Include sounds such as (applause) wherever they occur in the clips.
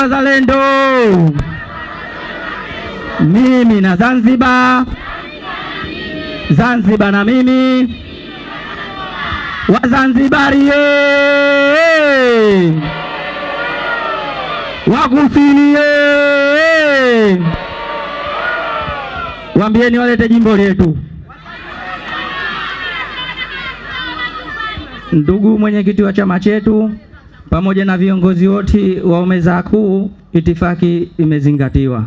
wazalendo, mimi na Zanzibar, Zanzibar na mimi, Wazanzibari ye, eh. Wakusini ye, eh. waambieni walete jimbo letu. Ndugu mwenyekiti wa chama chetu pamoja na viongozi wote wa Meza Kuu, itifaki imezingatiwa.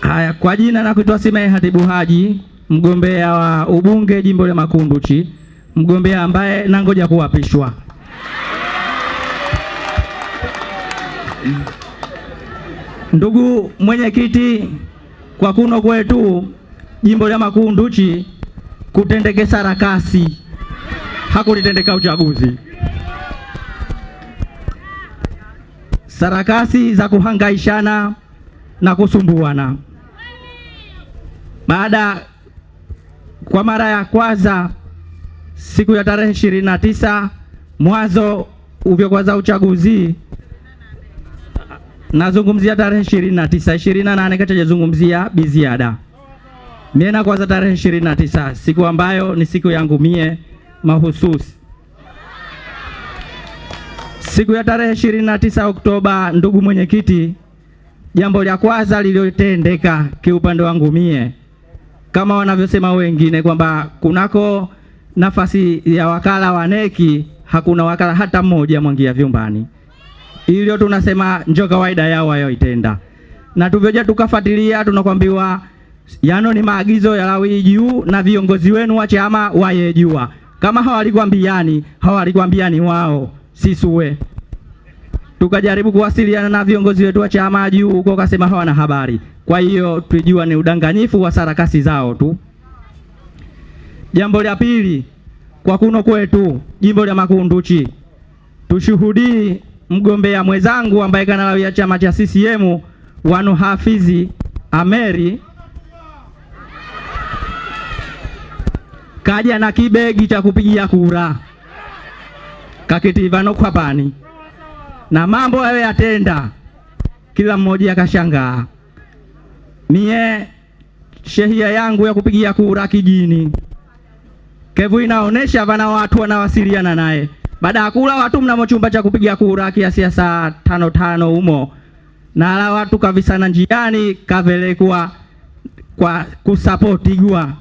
Haya, kwa jina na kuitwa Simaye Hatibu Haji, mgombea wa ubunge jimbo la Makunduchi, mgombea ambaye nangoja kuapishwa. Ndugu mwenyekiti, kwa kuno kwetu jimbo la Makunduchi kutendeke sarakasi hakunitendeka uchaguzi. Sarakasi za kuhangaishana na kusumbuana. Baada kwa mara ya kwanza siku ya tarehe ishirini na tisa mwanzo uvyokuwa za uchaguzi, nazungumzia tarehe ishirini na tisa ishirini na nane kachajazungumzia biziada Nienda kwanza tarehe ishirini na tisa, siku ambayo ni siku yangu mie mahususi. Siku ya tarehe ishirini na tisa Oktoba, ndugu mwenyekiti, jambo la kwanza lililotendeka kiupande wangu mie, kama wanavyosema wengine kwamba kunako nafasi ya wakala wa neki hakuna wakala hata mmoja mwangia vyumbani, ilio tunasema njo kawaida yao wayoitenda, na tuvyoja tukafuatilia tunakwambiwa yano ni maagizo ya Lawi juu na viongozi wenu wa chama wayejua. Kama hawalikwambiani hawalikwambiani wao sisuwe. Tukajaribu kuwasiliana na viongozi wetu wa chama juu huko, kasema hawana habari. Kwa hiyo tujua ni udanganyifu wa sarakasi zao tu. Jambo la pili, kwa kuno kwetu jimbo la Makunduchi tushuhudii mgombea mwenzangu ambaye kana ya chama cha CCM Wanu Hafizi Ameri kaja na kibegi cha kupigia kura kwa pani na mambo ayo yatenda, kila mmoja akashangaa. Mie shehia yangu ya kupigia kura kijini kevu inaonesha vana watu wanawasiliana naye baada ya kula watu mnamo chumba cha kupiga kura kiasi ya saa tano tano humo na ala watu kavisana njiani kavelekwa kwa kusapotigwa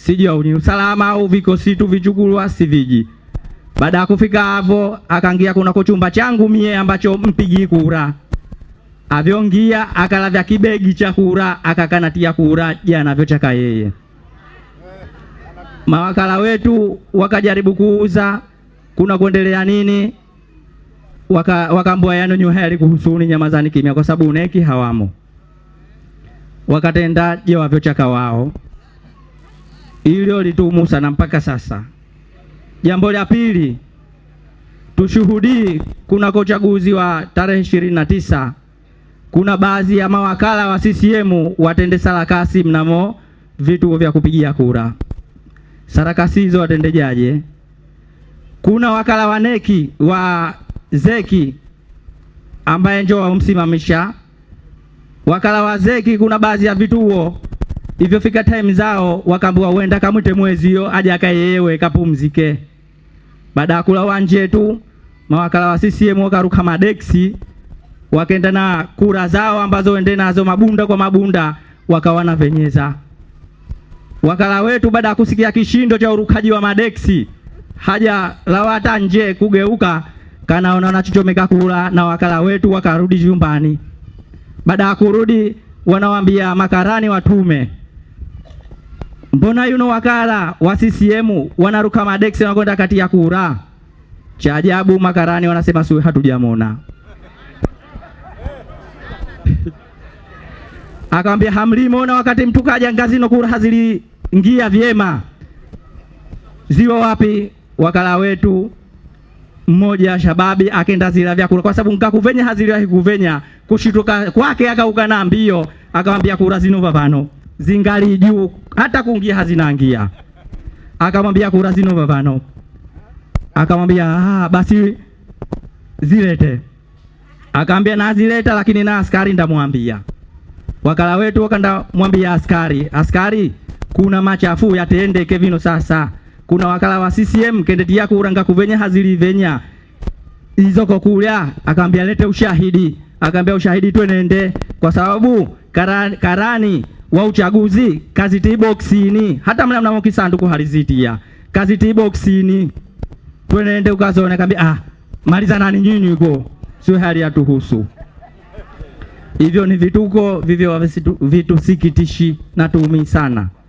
sijauni usalama au viko situ vichukulwa siviji. Baada ya kufika hapo, akaingia kunako chumba changu mie ambacho mpigi kura avyongia, akalavya kibegi cha kura, akakanatia kura jana yeye. Mawakala wetu wakajaribu kuuza kuna kuendelea nini, wakaambua waka yanonyuhali kuhusuni nyamazani kimya, kwa sababu uneki hawamo, wakatenda jewavyochaka wao hilo litumu sana mpaka sasa. Jambo la pili, tushuhudii kunako uchaguzi wa tarehe ishirini na tisa kuna baadhi ya mawakala wa CCM watende sarakasi mnamo vituo vya kupigia kura. Sarakasi hizo watendejaje? Kuna wakala wa neki wa zeki ambaye njoo wamsimamisha wakala wa zeki. Kuna baadhi ya vituo fika time zao wakambua wenda kamwite mwezi hiyo aje akae kapumzike. Baada ya kula wanje tu mawakala wa CCM wakaruka madeksi wakaenda na kura zao ambazo wende nazo mabunda kwa mabunda wakawana venyeza. Wakala wetu baada ya kusikia kishindo cha urukaji wa madeksi haja lawata nje kugeuka kana wanaona chichomeka kula na wakala wetu wakarudi nyumbani. Baada ya kurudi, wanawambia makarani watume. Mbona yuno wakala wa CCM wanaruka madeksi wanakwenda kati ya kura? Cha ajabu makarani wanasema sio hatujamona. (laughs) Akamwambia hamlimona wakati mtu kaja ngazi no kura haziliingia vyema. Ziwa wapi wakala wetu mmoja shababi akenda zila kura kwa sababu nkakuvenya haziliwahi kuvenya kushituka kwake akauka na mbio akamwambia kura zinova vavano zingali juu, hata kuingia hazinaangia. Akamwambia kura zino vavano, akamwambia ah, basi zilete. Akaambia zileta, lakini na askari ndamwambia. Wakala wetu wakanda mwambia askari, askari, kuna machafu yatende kevino sasa. Kuna wakala wa CCM kendeti yako uranga kuvenya hazili venya izoko kulya. Akaambia lete ushahidi, akaambia ushahidi twenende, kwa sababu karani, karani wa uchaguzi kaziti boksini, hata mna mnamo kisanduku halizitia kaziti boksini, twende ukazone kambi. Ah, maliza nani nyinyi huko, sio hali yatuhusu. Hivyo ni vituko vivyo, vitu sikitishi na tuumi sana.